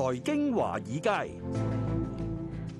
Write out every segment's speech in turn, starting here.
財經華爾街，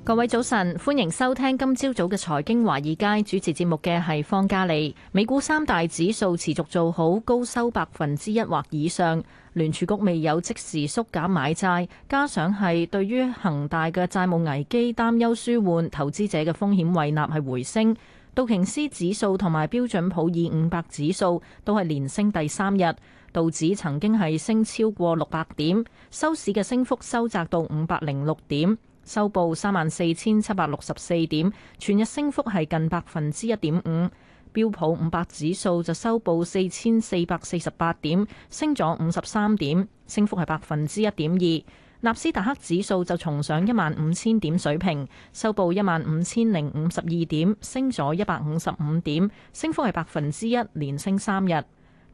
各位早晨，歡迎收聽今朝早嘅財經華爾街。主持節目嘅係方嘉利，美股三大指數持續做好，高收百分之一或以上。聯儲局未有即時縮減買債，加上係對於恒大嘅債務危機擔憂舒緩，投資者嘅風險胃納係回升。道瓊斯指數同埋標準普爾五百指數都係連升第三日，道指曾經係升超過六百點，收市嘅升幅收窄到五百零六點，收報三萬四千七百六十四點，全日升幅係近百分之一點五。標普五百指數就收報四千四百四十八點，升咗五十三點，升幅係百分之一點二。納斯達克指數就重上一萬五千點水平，收報一萬五千零五十二點，升咗一百五十五點，升幅係百分之一，連升三日。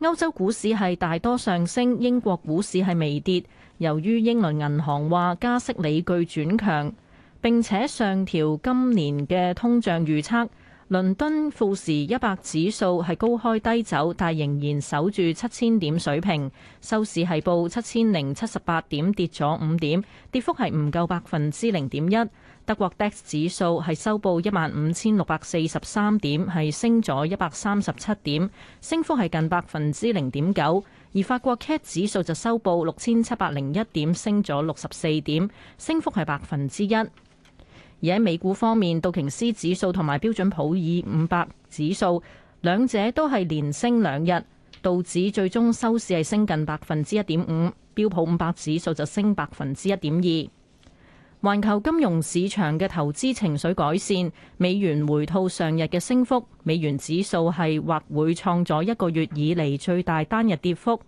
歐洲股市係大多上升，英國股市係微跌，由於英倫銀行話加息理據轉強，並且上調今年嘅通脹預測。倫敦富時一百指數係高開低走，但仍然守住七千點水平。收市係報七千零七十八點，跌咗五點，跌幅係唔夠百分之零點一。德國 DAX 指數係收報一萬五千六百四十三點，係升咗一百三十七點，升幅係近百分之零點九。而法國 CAC 指數就收報六千七百零一點，升咗六十四點，升幅係百分之一。而喺美股方面，道瓊斯指數同埋標準普爾五百指數兩者都係連升兩日，道指最終收市係升近百分之一點五，標普五百指數就升百分之一點二。環球金融市場嘅投資情緒改善，美元回吐上日嘅升幅，美元指數係或會創咗一個月以嚟最大單日跌幅。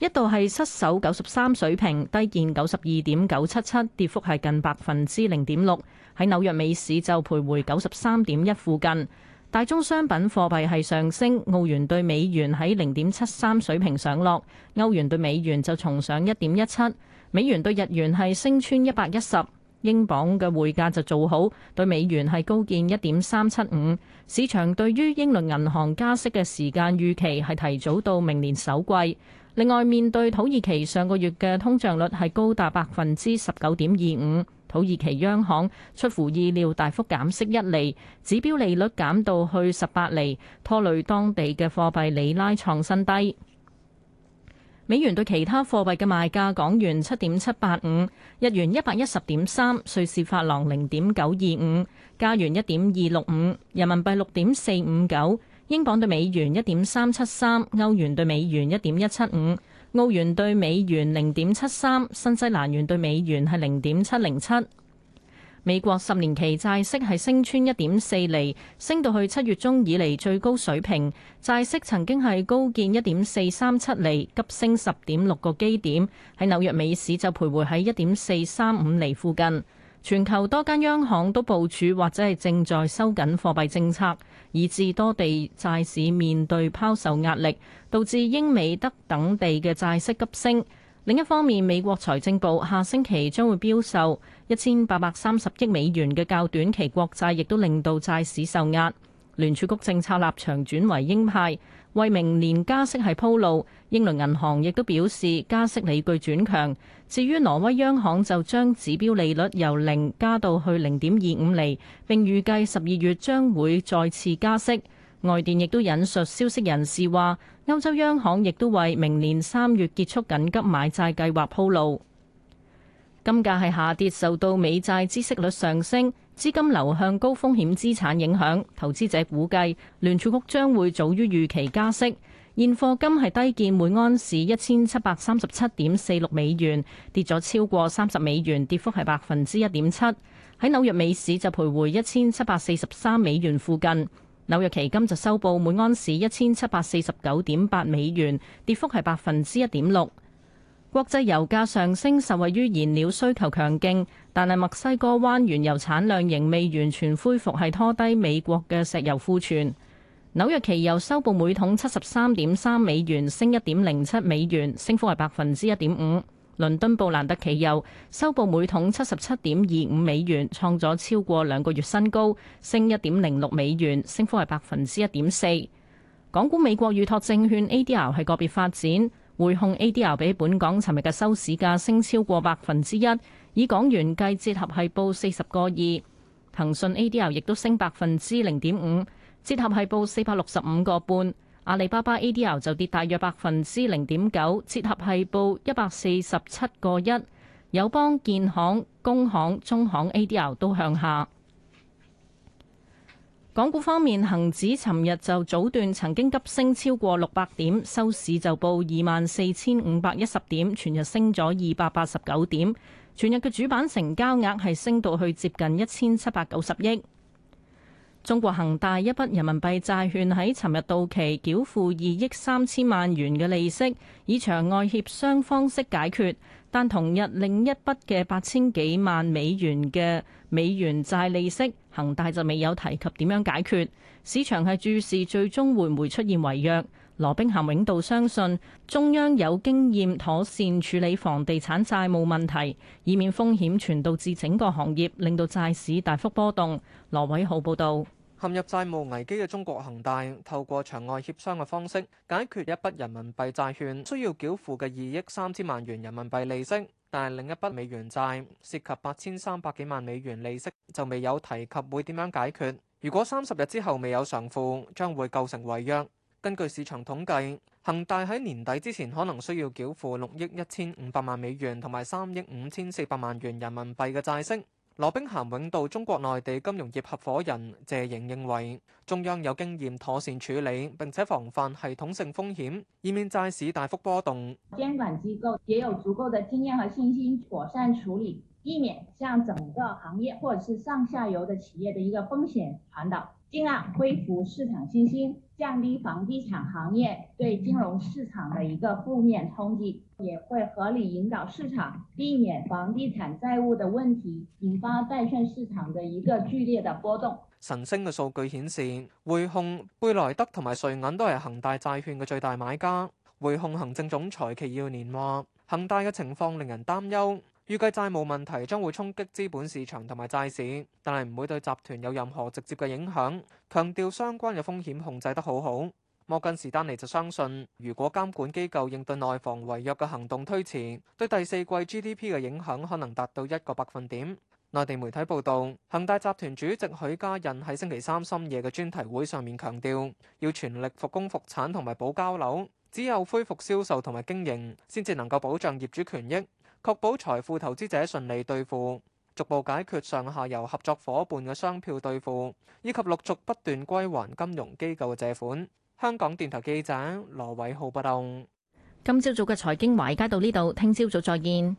一度係失守九十三水平，低見九十二點九七七，跌幅係近百分之零點六。喺紐約美市就徘徊九十三點一附近。大宗商品貨幣係上升，澳元對美元喺零點七三水平上落，歐元對美元就重上一點一七，美元對日元係升穿一百一十。英鎊嘅匯價就做好，對美元係高見一點三七五。市場對於英倫銀行加息嘅時間預期係提早到明年首季。另外，面對土耳其上個月嘅通脹率係高達百分之十九點二五，土耳其央行出乎意料大幅減息一厘，指標利率減到去十八厘，拖累當地嘅貨幣里拉創新低。美元對其他貨幣嘅賣價：港元七點七八五，日元一百一十點三，瑞士法郎零點九二五，加元一點二六五，人民幣六點四五九。英鎊兌美元一點三七三，歐元兌美元一點一七五，澳元兌美元零點七三，新西蘭元兌美元係零點七零七。美國十年期債息係升穿一點四厘，升到去七月中以嚟最高水平。債息曾經係高見一點四三七厘，急升十點六個基點，喺紐約美市就徘徊喺一點四三五厘附近。全球多間央行都部署或者係正在收緊貨幣政策，以致多地債市面對拋售壓力，導致英美德等地嘅債息急升。另一方面，美國財政部下星期將會標售一千八百三十億美元嘅較短期國債，亦都令到債市受壓。聯儲局政策立場轉為鷹派。為明年加息係鋪路，英倫銀行亦都表示加息理據轉強。至於挪威央行就將指標利率由零加到去零點二五厘，並預計十二月將會再次加息。外電亦都引述消息人士話，歐洲央行亦都為明年三月結束緊急買債計劃鋪路。金價係下跌，受到美債孳息率上升，資金流向高風險資產影響，投資者估計聯儲局將會早於預期加息。現貨金係低見每安士一千七百三十七點四六美元，跌咗超過三十美元，跌幅係百分之一點七。喺紐約美市就徘徊一千七百四十三美元附近。紐約期金就收報每安士一千七百四十九點八美元，跌幅係百分之一點六。國際油價上升，受惠於燃料需求強勁。但係墨西哥灣原油產量仍未完全恢復，係拖低美國嘅石油庫存。紐約期油收報每桶七十三點三美元，升一點零七美元，升幅係百分之一點五。倫敦布蘭德期油收報每桶七十七點二五美元，創咗超過兩個月新高，升一點零六美元，升幅係百分之一點四。港股美國預托證券 ADR 係個別發展。匯控 ADR 比本港尋日嘅收市價升超過百分之一，以港元計，折合係報四十個二。騰訊 ADR 亦都升百分之零點五，折合係報四百六十五個半。阿里巴巴 ADR 就跌大約百分之零點九，折合係報一百四十七個一。友邦、建行、工行、中行 ADR 都向下。港股方面，恒指尋日就早段曾經急升超過六百點，收市就報二萬四千五百一十點，全日升咗二百八十九點，全日嘅主板成交額係升到去接近一千七百九十億。中國恒大一筆人民幣債券喺尋日到期繳付二億三千萬元嘅利息，以場外協商方式解決，但同日另一筆嘅八千幾萬美元嘅美元債利息。恒大就未有提及點樣解決，市場係注視最終會唔會出現違約，羅兵咸永道相信中央有經驗妥善處理房地產債務問題，以免風險傳導至整個行業，令到債市大幅波動，羅偉浩報道。陷入債務危機嘅中國恒大，透過場外協商嘅方式解決一筆人民幣債券需要繳付嘅二億三千萬元人民幣利息，但係另一筆美元債涉及八千三百幾萬美元利息就未有提及會點樣解決。如果三十日之後未有償付，將會構成違約。根據市場統計，恒大喺年底之前可能需要繳付六億一千五百萬美元同埋三億五千四百萬元人民幣嘅債息。羅兵咸永道中國內地金融業合伙人謝瑩認為，中央有經驗妥善處理，並且防範系統性風險，以免債市大幅波動。監管機構也有足夠的經驗和信心妥善處理，避免向整個行業或者是上下游的企業的一個風險傳導。進而恢復市場信心，降低房地產行業對金融市場的一個負面衝擊，也會合理引導市場，避免房地產債務的問題引發債券市場的一個劇烈的波動。晨星嘅數據顯示，匯控、貝萊德同埋瑞銀都係恒大債券嘅最大買家。匯控行政總裁祁耀年話：恒大嘅情況令人擔憂。預計債務問題將會衝擊資本市場同埋債市，但係唔會對集團有任何直接嘅影響。強調相關嘅風險控制得好好。摩根士丹利就相信，如果監管機構應對內房違約嘅行動推遲，對第四季 GDP 嘅影響可能達到一個百分點。內地媒體報導，恒大集團主席許家印喺星期三深夜嘅專題會上面強調，要全力復工復產同埋保交樓，只有恢復銷售同埋經營，先至能夠保障業主權益。確保財富投資者順利兌付，逐步解決上下游合作伙伴嘅商票兌付，以及陸續不斷歸還金融機構嘅借款。香港電台記者羅偉浩不動。今朝早嘅財經華爾街到呢度，聽朝早再見。